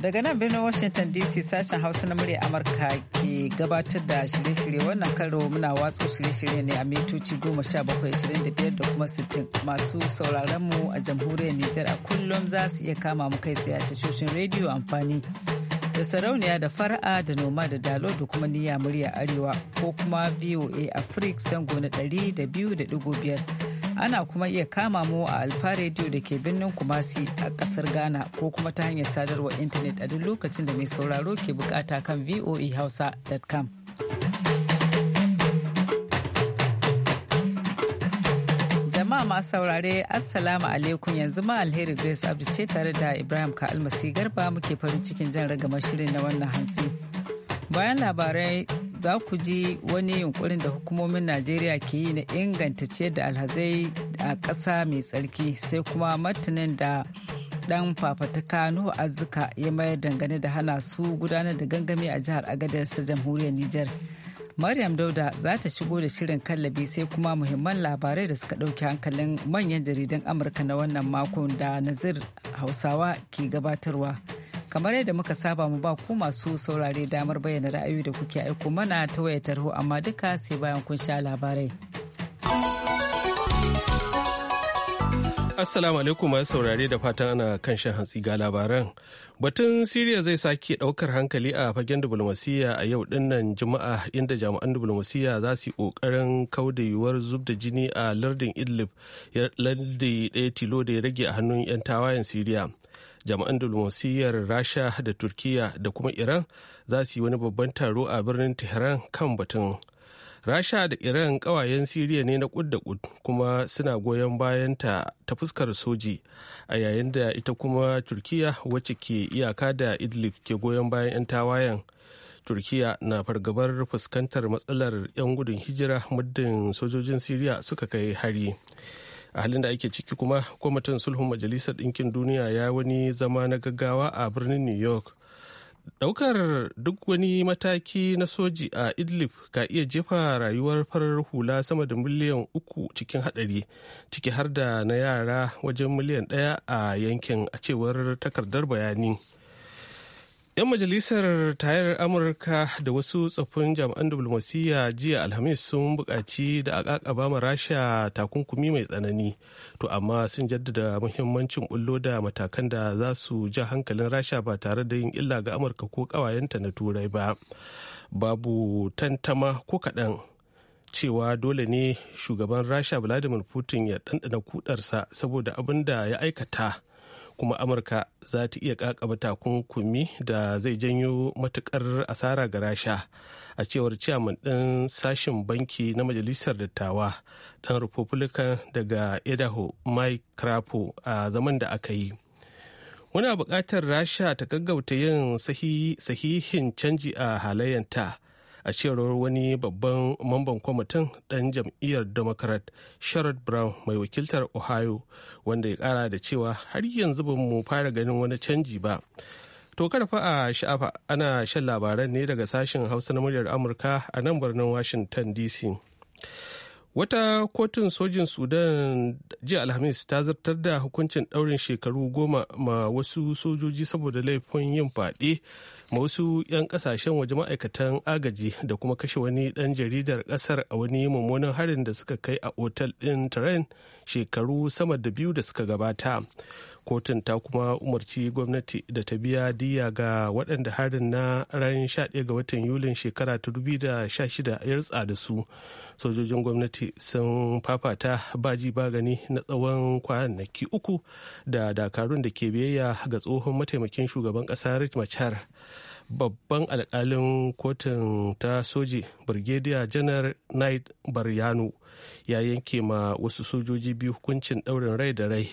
Daga nan birnin Washington DC sashen Hausa na murya Amurka ke gabatar da shirye-shirye wannan karo muna watsa shirye-shirye ne a mitoci 1725 da kuma 60 masu sauraron mu a jamhuriyar Nijar a kullum za su iya kama mu kai tsaye a tashoshin rediyo amfani da sarauniya da fara'a da noma da dalo da kuma niyya murya arewa ko kuma VOA Africa zango na ɗari da da biyu biyar. ana kuma iya kama mu a alfa rediyo da ke birnin kumasi a kasar ghana ko kuma ta hanyar sadarwar intanet a duk lokacin da mai sauraro ke bukata kan voehausa.com. jama'a masu saurare assalamu alaikum yanzu ma alheri grace abdu ce tare da ibrahim ka almasi garba muke farin cikin jan ragama shirin na wannan hantsi bayan labarai za ku ji wani yunkurin da hukumomin najeriya ke yi na inganta ciyar da alhazai a ƙasa mai tsarki sai kuma martanin da dan fafataka nuhu azuka ya mayar dangane da hana su gudanar da gangami a jihar agadarsa jamhuriyar niger maryam dauda za ta shigo da shirin kallabi sai kuma muhimman labarai da suka ɗauki hankalin manyan jaridan amurka na wannan makon da nazir hausawa ke gabatarwa. kamar yadda muka saba mu ba ku masu saurare damar bayyana ra'ayoyi da kuke aiko mana ta wayar tarho amma duka sai bayan kun sha labarai. Assalamu alaikum masu saurare da fatan ana kan shan hantsi ga labaran. Batun Siriya zai sake daukar hankali a fagen diplomasiyya a yau dinnan Juma'a inda jami'an diplomasiyya za su yi ƙoƙarin kauda yiwuwar zub da jini a lardin Idlib, lardi ɗaya tilo da ya rage a hannun 'yan tawayen Siriya. jami'an diflomasiyyar rasha da turkiya da kuma iran za su yi wani babban taro a birnin tehran kan batun rasha da iran kawayen siriya ne na kud da kud kuma suna goyon bayanta ta fuskar soji a yayin da ita kuma turkiya wacce ke iyaka da idlib ke goyon bayan 'yan tawayen turkiya na fargabar fuskantar matsalar 'yan gudun hijira muddin sojojin siriya suka kai hari a halin da ake ciki kuma kwamitin sulhun majalisar ɗinkin duniya ya wani zama na gaggawa a birnin new york daukar duk wani mataki na soji a idlib ka iya jefa rayuwar farar hula sama da miliyan uku cikin hadari ciki har da na yara wajen miliyan daya a yankin a cewar takardar bayani 'Yan majalisar tayar Amurka da wasu tsoffin jami'an diplomasiyya jiya Alhamis sun buƙaci da a ƙaƙaba ma Rasha takunkumi mai tsanani, to amma sun jaddada muhimmancin ƙullo da matakan da za su ja hankalin Rasha ba tare da yin illa ga Amurka ko ƙawayenta na Turai ba. Babu tantama ko kaɗan cewa dole ne shugaban Rasha Vladimir Putin ya ɗanɗana kudarsa saboda abin da ya aikata. kuma amurka za ta iya kakaba takunkumi da zai janyo matukar asara ga rasha a cewar ciyaman ɗin sashen banki na majalisar dattawa ɗan republican daga idaho mike crapo a zaman da aka yi muna buƙatar rasha ta gaggauta yin sahihin canji a halayenta, a cewar wani babban mamban kwamitin ɗan jam'iyyar democrat sherrod brown mai wakiltar ohio wanda ya kara da cewa har yanzu ba mu fara ganin wani canji ba to karfa a sha'afa ana shan labaran ne daga sashen hausa na muryar amurka a nan birnin washington dc wata kotun sojin sudan jiya alhamis ta zartar da hukuncin daurin shekaru goma ma wasu sojoji saboda laifin yin fade ma wasu 'yan kasashen waje ma'aikatan agaji da kuma kashe wani dan jaridar kasar a wani mummunan harin da suka kai a otal din terrain shekaru sama da biyu da suka gabata kotun ta kuma umarci gwamnati da ta biya diya ga waɗanda harin na ran 11 ga watan yulin shekara ta 2016 ya rutsa da su sojojin gwamnati sun fafata baji bagani na tsawon kwanaki uku da dakarun da ke biyayya ga tsohon mataimakin shugaban ƙasa rich babban alkalin kotun ta soji brigadier janar knight baryano ya yanke ma wasu sojoji biyu hukuncin daurin rai da rai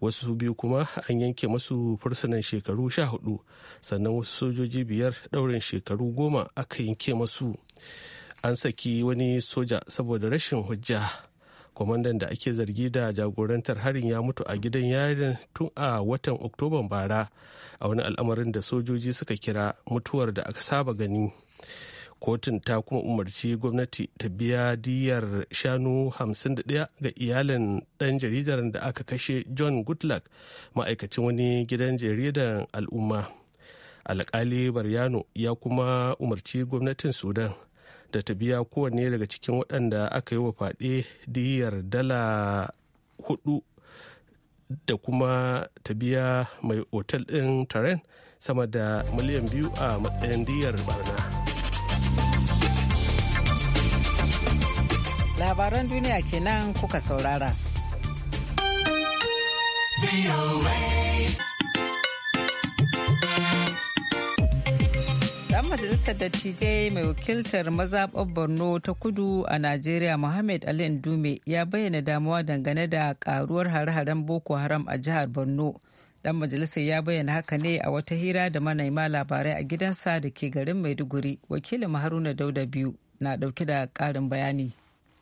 wasu biyu kuma an yanke masu fursunan shekaru sha hudu sannan wasu sojoji biyar daurin shekaru goma aka yanke masu an saki wani soja saboda rashin hujja kwamandan da ake zargi da jagorantar harin ya mutu a gidan yarin tun a watan oktoban bara a wani al'amarin da sojoji suka kira mutuwar da aka saba gani kotun ta kuma umarci gwamnati ta biya diyar shanu 51 ga iyalin ɗan jaridar da aka kashe john goodluck ma'aikacin wani gidan jaridar al'umma alkali baryano ya kuma umarci gwamnatin sudan da ta biya kowanne daga cikin waɗanda aka yi wa faɗe diyar dala hudu da kuma ta biya mai otal ɗin taren sama da miliyan biyu a matsayin diyar barna. labaran duniya kenan kuka saurara. Dan majalisar dattijai mai wakiltar mazaɓar Borno ta kudu a Najeriya Muhammad Ali Dume ya bayyana damuwa dangane da karuwar hare-haren Boko Haram a jihar Borno. Dan majalisar ya bayyana haka ne a wata hira da manaima labarai a gidansa da ke garin Maiduguri. Wakilin Haruna Dauda biyu na ɗauke da ƙarin bayani.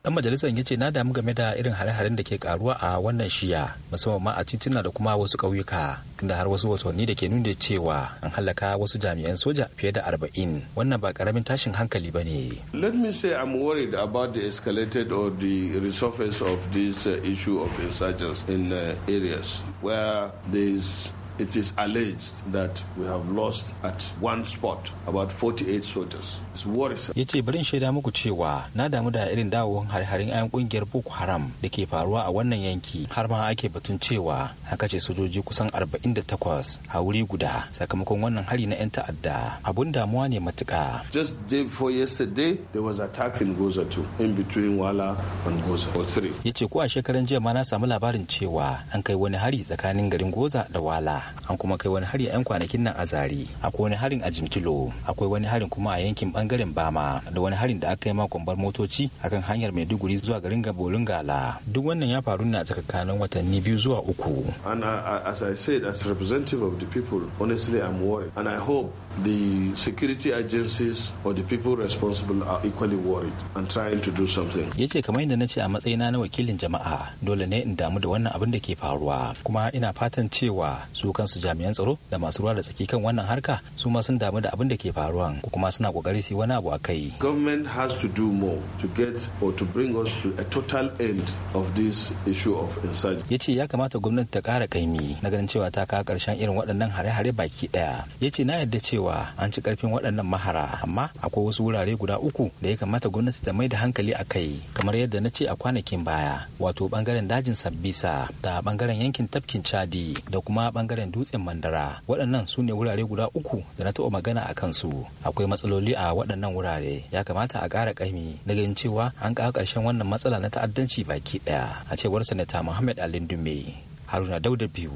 dan majalisar ya ce na damu game da irin hare-haren da ke karuwa a wannan shiya musamman ma a tituna da kuma wasu ƙauyuka tunda har wasu wasanni da ke nuna cewa an halaka wasu jami'an soja fiye da arba'in wannan ba karamin tashin hankali ba ne let me say i'm worried about the escalated or the resurface of this uh, issue of insurgents in uh, areas where there is It is alleged that we have lost at one spot about 48 soldiers. It's worrisome. Ya ce barin shaida muku cewa na damu da irin dawowar harharin harin 'yan kungiyar Boko Haram da ke faruwa a wannan yanki har ma ake batun cewa aka ce sojoji kusan 48 a wuri guda sakamakon wannan hari na 'yan ta'adda. Abun damuwa ne matuka. Just day before yesterday there was attack in Goza too in between Wala and Goza or three. Ya ce ko a shekaran jiya ma na samu labarin cewa an kai wani hari tsakanin garin Goza da Wala. an kuma kai wani hari yan kwanakin nan a zari akwai wani harin a jimtilo akwai wani harin kuma a yankin bangaren bama da wani harin da aka yi makon bar motoci akan hanyar maiduguri zuwa garin gabolin gala duk wannan ya faru ne a tsakanin watanni biyu zuwa uku and uh, as i said as representative of the people honestly i'm worried hope the security agencies or the people responsible are equally worried and trying to do something. Ya ce kamar yadda na ce a matsayina na wakilin jama'a dole ne in damu da wannan abin da ke faruwa kuma ina fatan cewa su kansu jami'an tsaro da masu ruwa da tsaki kan wannan harka su ma sun damu da abin da ke faruwa kuma suna kokari su wani abu a kai. Government has to do more to get or to bring us to a total end of this issue of insurgency. Ya ce ya kamata gwamnati ta kara kaimi na ganin cewa ta kawo karshen irin waɗannan hare-hare baki ɗaya. Ya ce na yadda cewa cewa an ci karfin waɗannan mahara amma akwai wasu wurare guda uku da ya kamata gwamnati ta mai da hankali a kai kamar yadda na ce a kwanakin baya wato bangaren dajin sabbisa da bangaren yankin tafkin chadi da kuma bangaren dutsen mandara waɗannan su ne wurare guda uku da na taɓa magana a kansu akwai matsaloli a waɗannan wurare ya kamata a ƙara ƙaimi na yin cewa an kawo karshen wannan matsala na ta'addanci baki ɗaya a cewar sanata muhammad alin dume haruna dauda biyu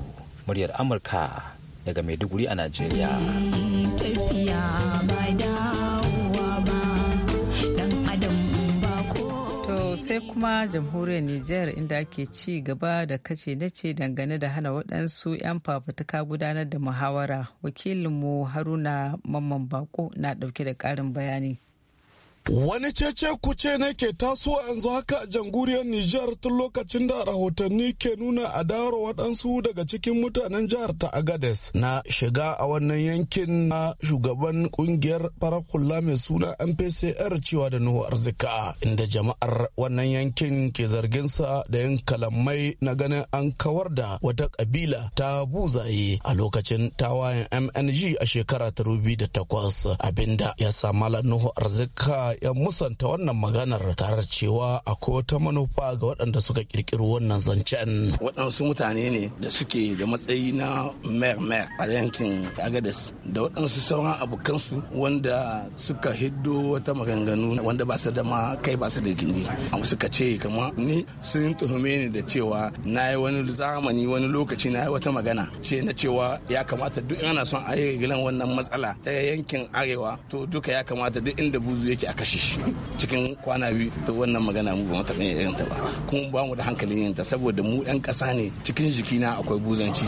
muryar amurka daga maiduguri a najeriya. tafiya ba dawowa ba dan adam ba to sai kuma jamhuriyar Nijar inda ake ci gaba da kace nace dangane da hana waɗansu 'yan fafutuka gudanar da muhawara wakilinmu haruna mamman bako na ɗauke da ƙarin bayani Wani cece kuce ne ke taso yanzu haka a janguriyar Nijar tun lokacin da rahotanni ke nuna a adawar waɗansu daga cikin mutanen jihar ta Agades na shiga a wannan yankin na shugaban kungiyar farar hula mai suna MPCR cewa da Nuhu Arzika inda jama'ar wannan yankin ke zarginsa da yin kalamai na ganin an kawar da wata kabila ta buzaye a lokacin tawayen MNG a shekara ta takwas abinda ya sa Malam Nuhu Arzika yan musanta wannan maganar tare cewa akwai wata manufa ga waɗanda suka kirkiri wannan zancen. Waɗansu mutane ne da suke da matsayi na mer mer a yankin agades. da waɗansu sauran abokansu wanda suka hiddo wata maganganu wanda ba su da kai ba su da gindi. Suka ce kama ni sun tuhume ni da cewa na yi wani zamani wani lokaci na yi wata magana ce na cewa ya kamata duk ana son a yi wannan matsala ta yankin arewa to duka ya kamata duk inda buzu yake a kashe shi cikin kwana biyu to wannan magana mu ba mu taɓa yin ta ba kuma ba mu da hankalin yin ta saboda mu ɗan ƙasa ne cikin jikina akwai buzanci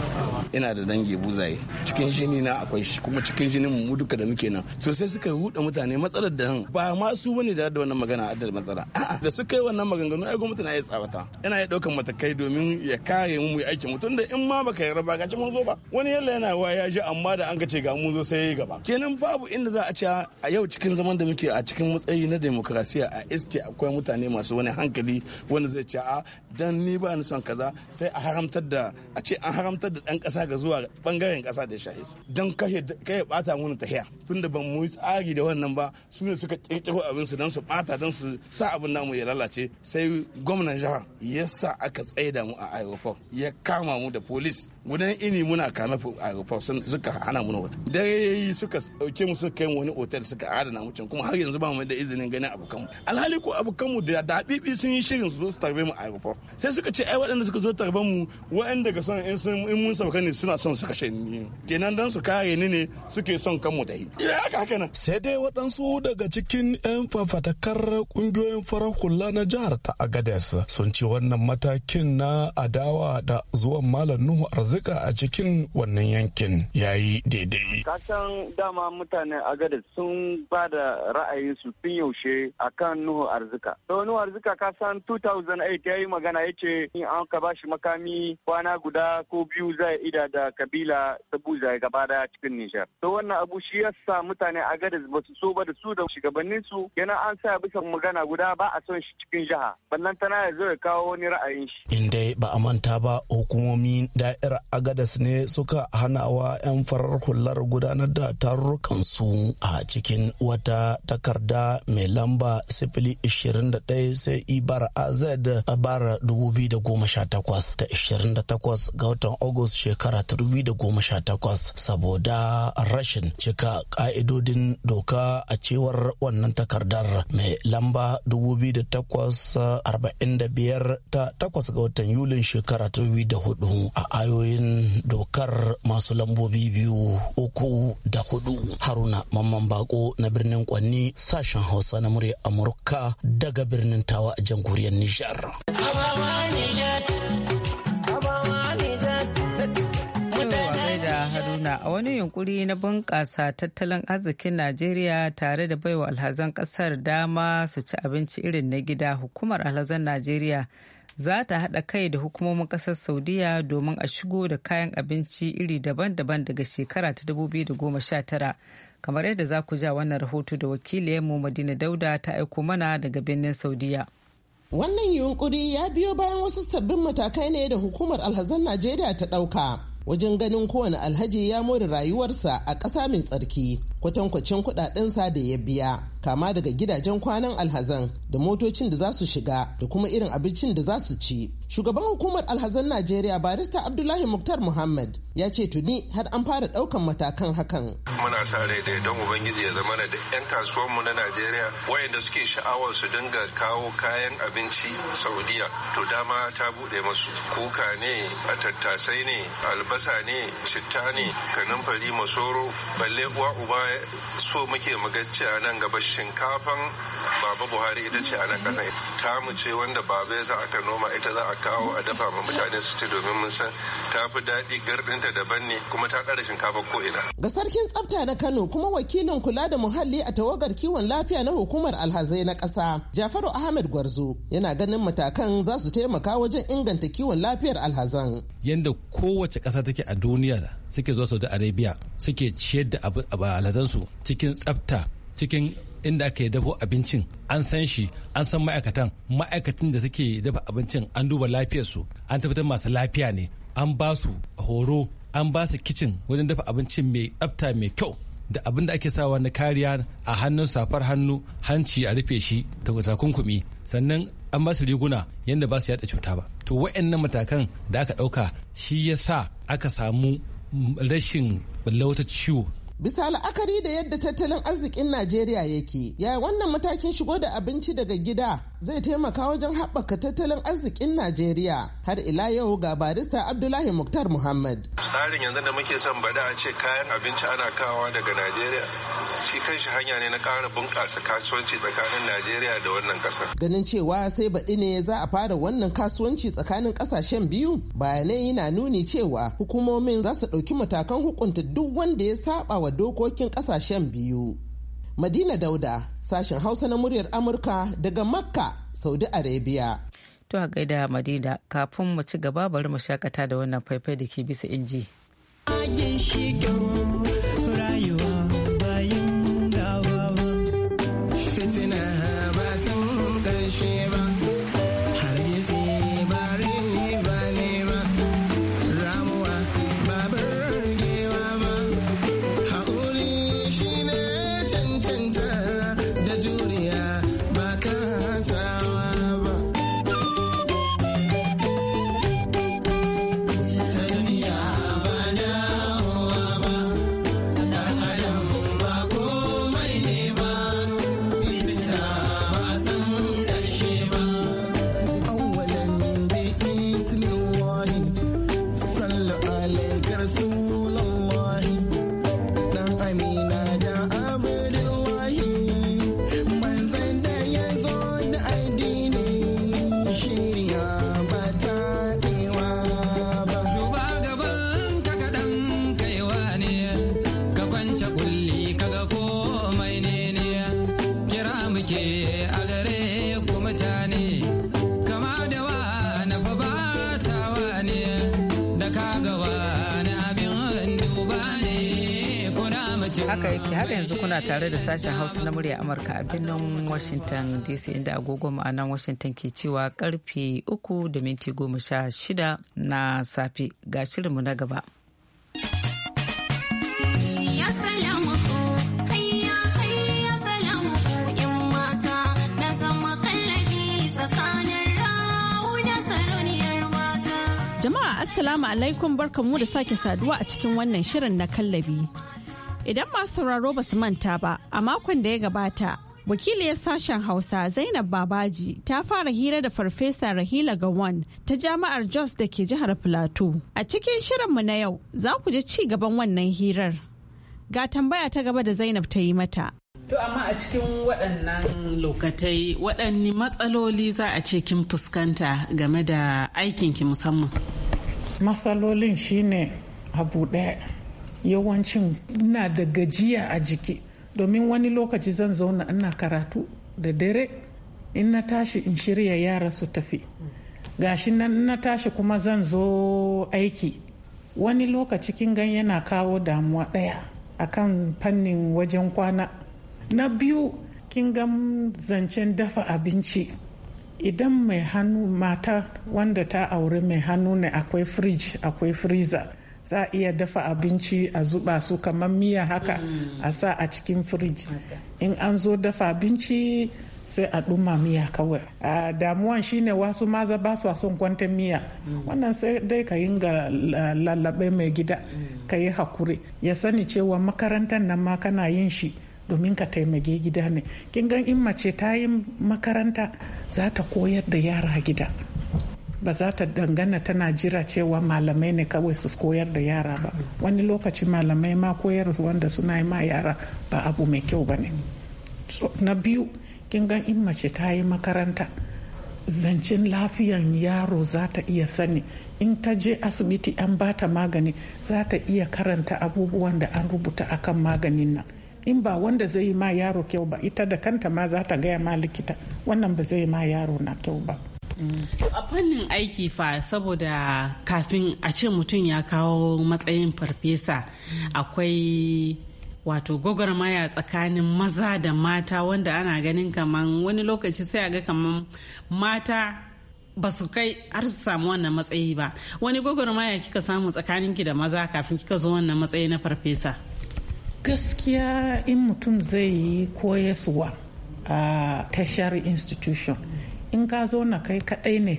ina da dangi buzaye cikin jini na akwai shi kuma cikin jinin mu duka da muke nan to sai suka huda mutane matsalar da ba ma su bane da wannan magana a da matsala da suka yi wannan maganganu ai gwamnati na iya tsabata ina iya ɗaukan matakai domin ya kare mu yi aikin mutum da in ma baka yarda ba gaci mun zo ba wani yalla yana wa ya ji amma da an ka ce ga mun zo sai ya yi gaba kenan babu inda za a ce a yau cikin zaman da muke a cikin matsayi na demokrasiya a iske akwai mutane masu wani hankali wanda zai ce a dan ni ba ni son kaza sai a haramtar da a ce an haramtar da dan kasa ga zuwa bangaren kasa da shahi su dan kashe kai bata mun tahiya tunda ban mu tsari da wannan ba su ne suka kirkiro abin su dan su bata dan su sa abin namu ya lalace sai gwamnan jihar yasa aka tsaida mu a aeroport ya kama mu da polis gudan ini muna kame aeroport sun suka hana mu dare suka dauke mu suka kai wani otel suka adana mu can kuma har yanzu ba mu da izinin ganin abokanmu alhali ko abokanmu da dabibi sun yi shirin su zo su tarbe mu a airport sai suka ce ai waɗanda suka zo tarbe mu waɗanda ga son in sun in mun sauka ne suna son su kashe ni kenan dan su kare ni ne suke son kanmu da yi haka haka nan sai dai waɗansu daga cikin 'yan fafatakar ƙungiyoyin farar hula na jihar ta agades sun ci wannan matakin na adawa da zuwan malam nuhu arzika a cikin wannan yankin yayi daidai kasan dama mutanen agades sun ba da ra'ayinsu tun yaushe a kan Nuhu Arzika. To Nuhu Arzika ka san 2008 ya yi magana ya ce in an ka bashi makami kwana guda ko biyu zai ida da kabila ta buza gaba daya cikin Nijar. To wannan abu shi ya sa mutane a Gadis ba su so ba da su da shugabannin su yana an sa bisa magana guda ba a son shi cikin jiha. Ballan tana ya zo ya kawo wani ra'ayin shi. In dai ba a manta ba hukumomi da'ir Agadas ne suka hana wa 'yan farar hular gudanar da tarurrukan su a cikin wata takarda mai lamba sifili sai Ibar AZ a bara dubu biyu da goma sha ga watan Agus shekara 2018 saboda rashin cika ka'idodin doka a cewar wannan takardar mai lamba dubu ta 8 ga watan Yulin shekara 2004 a ayoyin dokar masu lambobi biyu uku da hudu Haruna Mamman Bako na birnin Kwanni sashen Hausa na murya Amurka daga birnin Tawa a jamhuriyar Nijar. Haruna a wani yunkuri na bunƙasa tattalin arzikin Najeriya tare da baiwa alhazan ƙasar dama su ci abinci irin na gida hukumar alhazan Najeriya za ta haɗa kai da hukumomin ƙasar Saudiya domin a shigo da kayan abinci iri daban-daban daga shekara ta 2019 kamar yadda za ku ja wannan rahoto da mu madina dauda ta aiko mana daga birnin saudiya wannan yunkuri ya biyo bayan wasu sabbin matakai ne da hukumar alhazan najeriya ta ɗauka wajen ganin kowane alhaji ya more rayuwarsa a ƙasa mai tsarki kwatankwacin kudadensa da ya biya kama daga gidajen kwanan alhazan da motocin da za su shiga da kuma irin abincin da za su ci shugaban hukumar alhazan najeriya barista abdullahi muktar muhammad ya ce tuni har an fara daukan matakan hakan muna sa rai da don ubangiji ya zama da yan kasuwanmu na najeriya wayanda suke sha'awar su dinga kawo kayan abinci saudiya to dama ta bude masu kuka ne a ne albasa ne citta ne kanumfari masoro balle uwa uba so muke magacci a nan gaba shinkafan baba buhari ita ce a nan kasan mu ce wanda baba ya sa aka noma ita za a kawo a dafa ma mutane su ce domin mun san ta fi daɗi gardinta daban ne kuma ta ƙara shinkafa ko ina. ga sarkin tsafta na kano kuma wakilin kula da muhalli a tawagar kiwon lafiya na hukumar alhazai na ƙasa jafaru ahmed gwarzo yana ganin matakan za su taimaka wajen inganta kiwon lafiyar alhazan. yanda kowace ƙasa take a duniya suke zuwa saudi arabia suke ciyar da abu a su cikin tsafta cikin inda aka dafo abincin an san shi an san ma'aikatan ma'aikatan da suke dafa abincin an duba lafiyarsu an tabbatar masu lafiya ne an ba su horo an ba su kicin wajen dafa abincin mai tsafta mai kyau da abin da ake sawa na kariya a hannun safar hannu hanci a rufe shi da takunkumi sannan an ba su riguna yadda ba su yada cuta ba to wa'annan matakan da aka dauka shi ya sa aka samu rashin wata ciwo Bisa la'akari da yadda tattalin arzikin Najeriya yake, yaya wannan matakin shigo da abinci daga gida zai taimaka wajen haɓaka tattalin arzikin Najeriya har ila yau ga barista Abdullahi Muktar Muhammad. Tsarin yanzu da muke son bada a ce kayan abinci ana kawowa daga Najeriya shi kanshi hanya ne na ƙara bunƙasa kasuwanci tsakanin Najeriya da wannan ƙasar. Ganin cewa sai baɗi ne za a fara wannan kasuwanci tsakanin ƙasashen biyu bayanai yana nuni cewa hukumomin za su ɗauki matakan hukunta duk wanda ya saba wa dokokin ƙasashen biyu. Madina Dauda, sashen Hausa na muryar Amurka daga Makka, Saudi Arabia. To a gaida Madina, kafin mu ci gaba bari mu shakata da wannan faifai da ke bisa inji. haka yake har yanzu kuna tare da sashen hausa na murya amurka a birnin washington dc inda agogo ma'anan washington ke cewa karfe uku da minti goma sha shida na safe ga shirinmu na gaba Jama'a Assalamu alaikum barkamu da sake saduwa a cikin wannan shirin na kallabi. Idan masu sauraro ba su manta ba, a makon da ya gabata, wakiliyar sashen Hausa Zainab Babaji ta fara hira da Farfesa Rahila Gawan ta Jami'ar Jos da ke jihar Filato. A cikin shirinmu na yau, za ku je ci gaban wannan hirar. Ga tambaya ta gaba da Zainab ta yi mata. To amma a cikin waɗannan lokatai waɗanne matsaloli za a ce kin fuskanta game da aikinki musamman? Matsalolin shine abu ɗaya yawancin ina da gajiya a jiki domin wani lokaci zan zauna ina karatu da dare in na tashi in shirya yara su tafi gashi nan na tashi kuma zan zo aiki wani lokaci kin gan yana kawo damuwa ɗaya akan fannin wajen kwana na biyu kin gan zancen dafa abinci idan mai hannu mata wanda ta aure mai hannu ne akwai fridge akwai freezer za a iya dafa abinci a zuba su kamar miya haka a sa a cikin firiji in an zo dafa abinci sai a ɗuma miya kawai a damuwan shine wasu maza ba su son kwantar miya mm. wannan sai dai ka ga lallaɓe mai gida mm. ka yi hakuri ya sani cewa makarantar nan ma kana yin shi domin ka taimake gida ne kin gan in mace ta yi makaranta za ta koyar da yara gida ba za ta dangana tana jira cewa malamai ne kawai su koyar da yara ba wani lokaci malamai ma koyar wanda suna yi ma yara ba abu mai kyau ba ne so na biyu kin gan in mace ta yi makaranta zancen lafiyan yaro za ta iya sani in ta je asibiti an bata magani za ta iya karanta abubuwan da an rubuta akan maganin nan in ba wanda zai yi ma yaro kyau ba ita da kanta ma za ta gaya ma likita wannan ba zai ma yaro na kyau ba a fannin aiki fa saboda kafin a ce mutum ya kawo matsayin farfesa akwai wato gwagwarmaya tsakanin maza da mata wanda ana ganin kaman wani lokaci sai a ga kaman mata ba su kai har su samu wannan matsayi ba wani gwagwarmaya kika samu tsakaninki da maza kafin kika zo wannan matsayi na farfesa gaskiya in mutum zai yi koyaswa a tashar institution in ka zo na kai kaɗai ne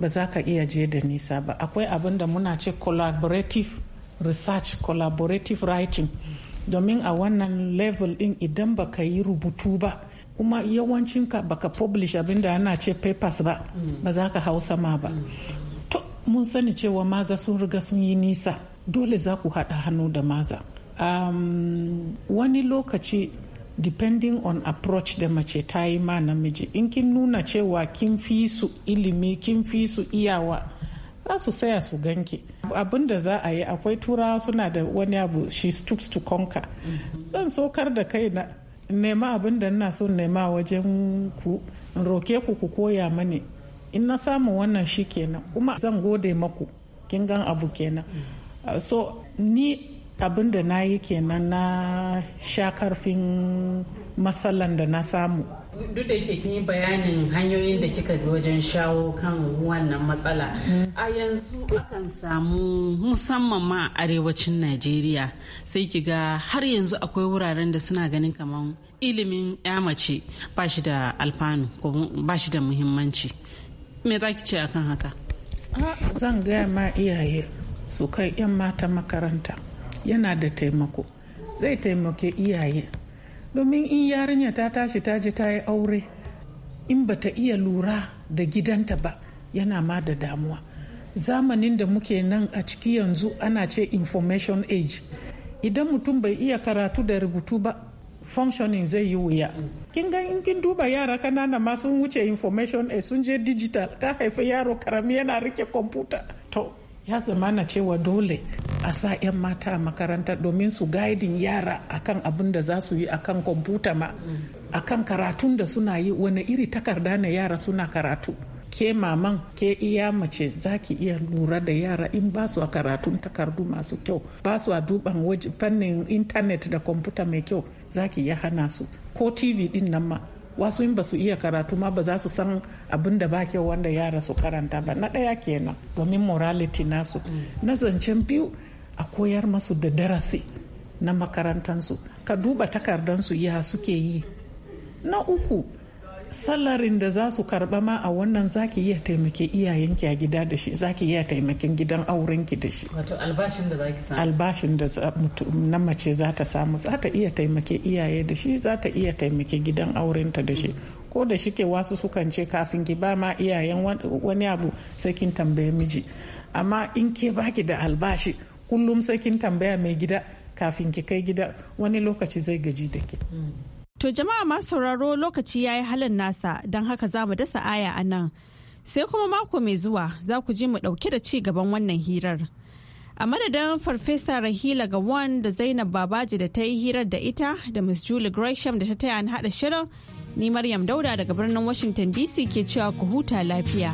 ba za ka iya je da nisa ba akwai abin da muna ce collaborative research collaborative writing domin a wannan level din idan ba ka yi rubutu ba kuma yawancin ka baka publish abin da ana ce papers ba ba za ka Hausa ma ba to mun sani cewa maza sun riga sun yi nisa dole za ku haɗa hannu da maza um, wani lokaci depending on approach da mace ta yi ma namiji in kin nuna cewa kin fi su ilimi kin fi su iyawa za su saya su ganki abin da za a yi akwai turawa suna da wani abu she stoops to conquer zan sokar da kai na nema abin da ina so nema wajen ku in roke ku ku koya mani in na samu wannan shi kenan kuma zan gode maku kin gan abu kenan so ni abin da na yi kenan na sha karfin matsalan da na samu duk da yake kin bayanin hanyoyin da kika bi wajen shawo kan wannan matsala a yanzu akan samu musamman ma a arewacin najeriya sai ki ga har yanzu akwai wuraren da suna ganin kamar ilimin ya mace ba shi da alfanu ko ba shi da muhimmanci me za ki ce akan haka zan gaya ma iyaye su kai 'yan mata makaranta yana da taimako zai taimake iyaye domin in yarinya ta tashi ta ji ta yi aure in ba ta iya lura da gidanta ba yana ma da damuwa zamanin da muke nan a ciki yanzu ana ce information age idan mutum bai iya karatu da rubutu ba functioning zai yi wuya kin ga in kin duba yara kanana ma sun wuce information age sun je digital ka haifi yaro karami yana rike kwamfuta to ya zamana cewa dole a sa 'yan mata a makaranta domin su gaidin yara akan abin da za su yi akan kwamfuta ma akan karatun da suna yi wani iri takarda na yara suna karatu ke maman ke iya mace za ki iya lura da yara in ba su a karatun takardu masu kyau ba su a duban fannin intanet da kwamfuta mai kyau za ki iya hana su ko tv din nan ma wasu in ba su iya karatu ma ba za su san abin da ba kyau wanda yara su karanta ba na ɗaya kenan domin morality nasu na zancen biyu a koyar masu da darasi na makarantansu ka duba takardansu ya suke yi na uku salarin da za su karba ma a wannan zaki iya taimake iyayenki a gida da shi zaki iya taimakin gidan aurenki da shi wato albashin da zaki samu albashin da na mace za ta samu za ta iya taimake iyaye da shi za ta iya taimake gidan aurenta da shi ko da shike wasu sukan ce kafin ki ba ma iyayen wani abu sai kin tambaye miji amma in ke baki da albashi kullum sai kin tambaya mai gida kafin ki kai gida wani lokaci zai gaji da ke. Hmm. To jama'a masu sauraro lokaci ya yi halin nasa don haka za mu dasa aya a nan. Sai kuma mako mai zuwa za ku ji mu ɗauke da ci gaban wannan hirar. A madadin Farfesa Rahila Gawon da Zainab Babaji da ta yi hirar da ita da Miss Julie Gresham da ta taya ni haɗa shirin, ni Maryam Dauda daga birnin Washington DC ke cewa ku huta lafiya.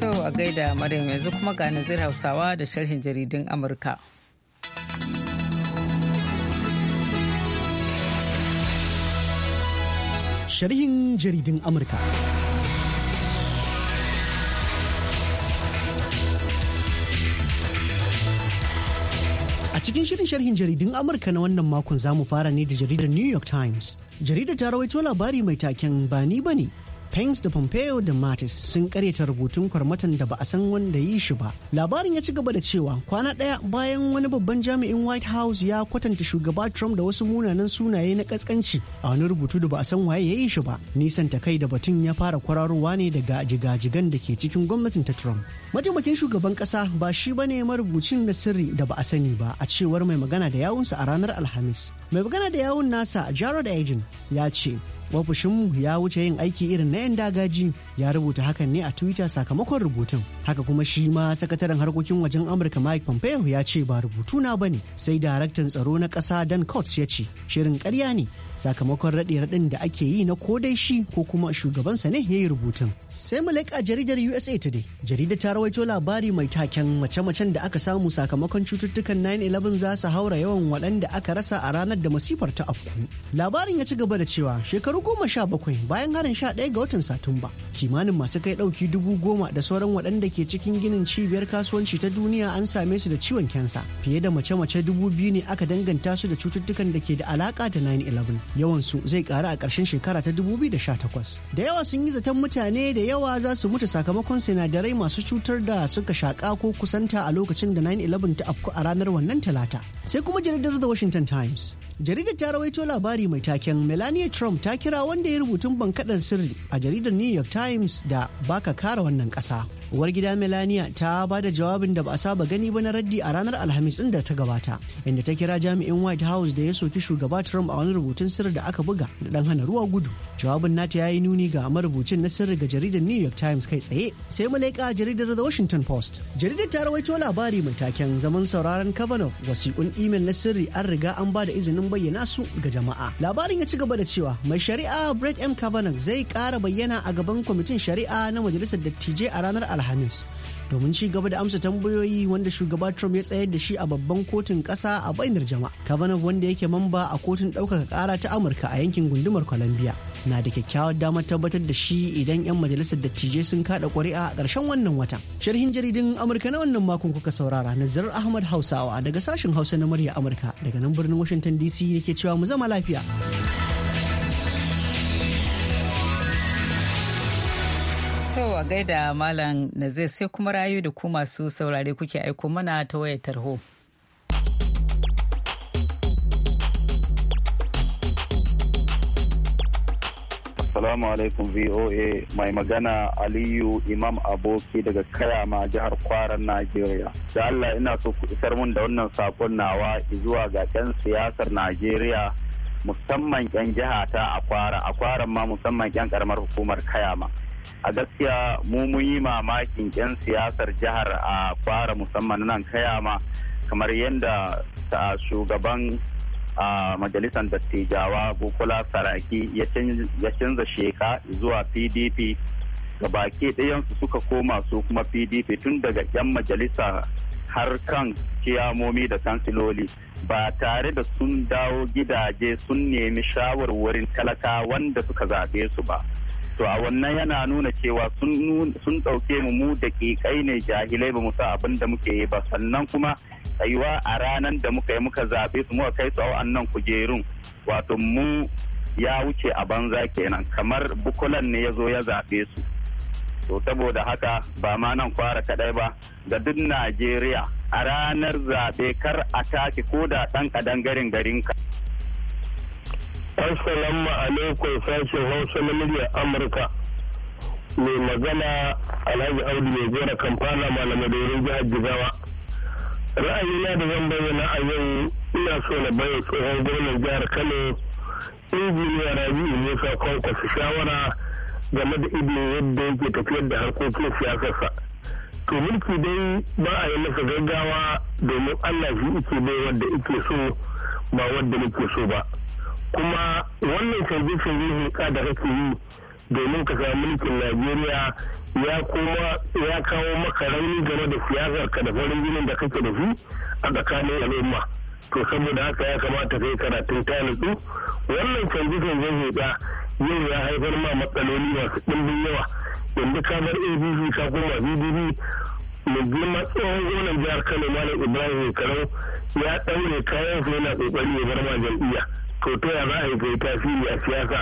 To a gaida Maryam yanzu kuma ga nazir Hausawa da sharhin jaridun Amurka. sharhin jaridin Amurka. A cikin shirin sharhin jaridun Amurka na wannan makon zamu fara ne da jaridar New York Times. Jaridar ta rawaito labari mai taken ba ni bane Pence da Pompeo da Mattis sun karyata rubutun kwarmatan da ba a san wanda yi shi ba. Labarin ya ci gaba da cewa kwana ɗaya bayan wani babban jami'in White House ya kwatanta shugaba Trump da wasu munanan sunaye na kaskanci a wani rubutu da ba a san waye ya yi shi ba. Nisan ta kai da batun ya fara kwararowa ne daga jigajigan da ke cikin gwamnatin ta Trump. Mataimakin shugaban ƙasa ba shi ba ne marubucin na sirri da ba a sani ba a cewar mai magana da yawunsa a ranar Alhamis. Mai magana da yawun nasa Jared Agin ya ce ofishinmu ya wuce yin aiki irin na 'yan dagaji ya rubuta hakan ne a twitter sakamakon rubutun haka kuma shi ma sakataren harkokin wajen amurka mike pompeo ya ce ba rubutu na bane sai daraktan tsaro na kasa dan coates ya ce shirin karya ne sakamakon raɗe raɗin da ake yi na ko dai shi ko kuma shugabansa ne ya yi rubutun. Sai mu a jaridar USA Today. Jarida ta rawaito labari mai taken mace-macen da aka samu sakamakon cututtukan 9-11 za su haura yawan waɗanda aka rasa a ranar da masifar ta afku. Labarin ya ci gaba da cewa shekaru goma sha bakwai bayan harin sha ɗaya ga watan Satumba. Kimanin masu kai ɗauki dubu goma da sauran waɗanda ke cikin ginin cibiyar kasuwanci ta duniya an same su da ciwon kyansa. Fiye da mace-mace dubu biyu ne aka danganta su da cututtukan da ke da alaƙa da 9-11. yawansu zai ƙaru a ƙarshen shekara ta 2018 da yawa sun yi zaton mutane da yawa za su mutu sakamakon sinadarai masu cutar da suka shaƙa ko kusanta a lokacin da 9-11 ta afku a ranar wannan talata sai kuma jaridar the washington times jaridar ta rawaito labari mai taken melania trump ta kira wanda ya rubutun bankadar sirri a jaridar new york times da baka kara wannan kasa uwar gida melania ta ba da jawabin da ba a saba gani ba na raddi a ranar alhamis din da ta gabata inda ta kira jami'in white house da ya soki shugaba trump a wani rubutun sirri da aka buga da dan hana ruwa gudu jawabin nata ya yi nuni ga marubucin na sirri ga jaridar new york times kai tsaye sai malaika jaridar the washington post jaridar ta rawaito labari mai taken zaman sauraron kavanaugh wasiƙun imel na sirri an riga an ba da izinin bayyana su ga jama'a. Labarin ya ci gaba da cewa mai shari'a Brett M. Kavanaugh zai ƙara bayyana a gaban kwamitin shari'a na majalisar dattijai a ranar Alhamis. domin ci gaba da amsa tambayoyi wanda shugaba Trump ya tsayar da shi a babban kotun ƙasa a bainar jama'a. Kavanaugh wanda yake mamba a kotun ɗaukaka ƙara ta Amurka a yankin gundumar Columbia. na da kyakkyawar damar tabbatar da shi idan 'yan majalisar dattijai sun kada ƙuri'a a ƙarshen wannan wata. Sharhin jaridin Amurka na wannan makon kuka saurara na Zarar Ahmad Hausawa daga sashen Hausa na murya Amurka daga nan birnin Washington DC ke cewa mu zama lafiya. a gaida Malam na zai sai kuma rayu da ku masu saurare kuke aiko mana ta wayar tarho. Assalamu alaikum VOA mai magana Aliyu Imam Aboki daga Kayama jihar Kwaran Najeriya. Da Allah ina so ku isar mun da wannan sakon nawa zuwa ga 'yan siyasar Najeriya musamman 'yan jiha ta Akwara, Akwara ma musamman 'yan karamar hukumar Kayama. A gaskiya mu mun yi mamakin 'yan siyasar jihar Akwara musamman nan Kayama kamar yadda ah, shugaban a majalisar dattijawa bukola saraki ya canza sheka zuwa pdp ga baki ɗayansu suka koma su kuma pdp tun daga 'yan majalisa har kan kiyamomi da kansiloli ba tare da sun dawo gidaje sun nemi shawarwarin talaka wanda suka zaɓe su ba to a wannan yana nuna cewa sun ɗauke mu mu da ƙiƙai ne jahilai ba mu sa abin da muke yi ba sannan kuma tsayuwa a ranar da muka yi muka zaɓe su muka kai su a wannan kujerun wato mu ya wuce a banza kenan kamar bukulan ne ya zo ya zaɓe su to saboda haka ba ma nan kwara kaɗai ba ga duk najeriya a ranar zaɓe kar a taki ko da ɗan ƙadan garin garinka. Assalamu alaikum sashen Hausa na muryar Amurka. Mai magana Alhaji Audu mai gora kamfana wurin jihar Jigawa. Ra'ayina da zan bayyana a yau ina so na bayo tsohon gwamnan jihar Kano injiniya Rabi'u Musa kwankwasa shawara game da irin yadda yake tafiyar da harkokin siyasarsa. To mulki dai ba a yi masa gaggawa domin Allah shi ike bai wadda ike so ba wadda muke so ba. kuma wannan canje-canje da kake yi domin ka samu mulkin Najeriya ya kuma ya kawo maka rauni game da siyasar ka da farin ginin da kake da su a tsakanin al'umma to saboda haka ya kamata kai karatun talibu wannan canje canje hulɗa yau ya haifar ma matsaloli masu ɗimbin yawa yanzu kamar abc ka koma bdb mai girma tsohon gonan jihar kano malam ibrahim karau ya ɗaure kayan su yana ƙoƙari ya bar ma jam'iyya to ta ya za a yi kai tasiri a siyasa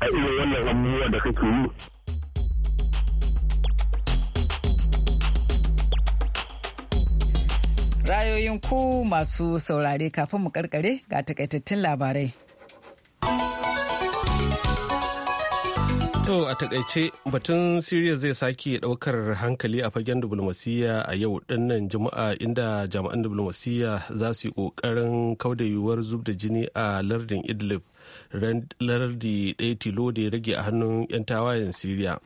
a irin wannan abubuwa da kake yi rayoyin ku masu saurare kafin mu karkare ga takaitattun labarai To a takaice batun Siriya zai sake daukar hankali a fagen diplomasiyya a yau dinnan Juma'a inda jami'an diplomasiyya za su yi kokarin kauda yiwuwar zub da jini a lardin Idlib lardi ɗaya tilo da ya rage a hannun 'yan tawayen Siriya.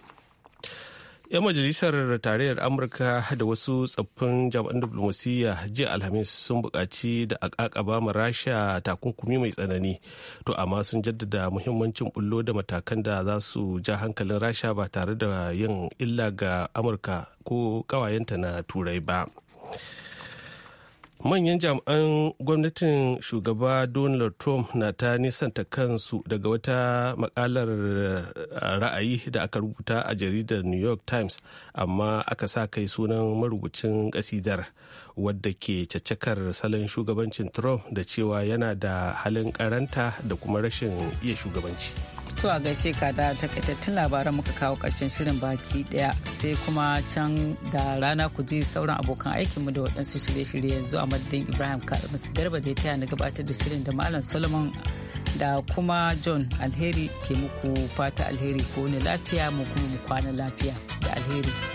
'yan majalisar tarayyar amurka da wasu tsaffin jami'an diplomasiyya jiya alhamis sun buƙaci da akakaba ma rasha takunkumi mai tsanani to amma sun jaddada muhimmancin bullo da matakan da za su ja hankalin rasha ba tare da yin illa ga amurka ko ƙawayenta na turai ba manyan jami'an gwamnatin shugaba donald trump na ta nisanta kansu daga wata makalar eh, ra'ayi da aka rubuta a jaridar new york times amma aka sa kai sunan marubucin kasidar wadda ke caccakar salon shugabancin trump da cewa yana da halin karanta da kuma rashin iya shugabanci. To a gaishe ka da takaitattun labaran muka kawo karshen shirin baki ɗaya sai kuma can da rana ku ji sauran abokan aikinmu da waɗansu shirye-shirye yanzu a madadin Ibrahim Kaɗa Garba da ya taya na gabatar da shirin da Malam Solomon da kuma John Alheri ke muku fata alheri ko ne lafiya mu kuma mu kwana lafiya da alheri.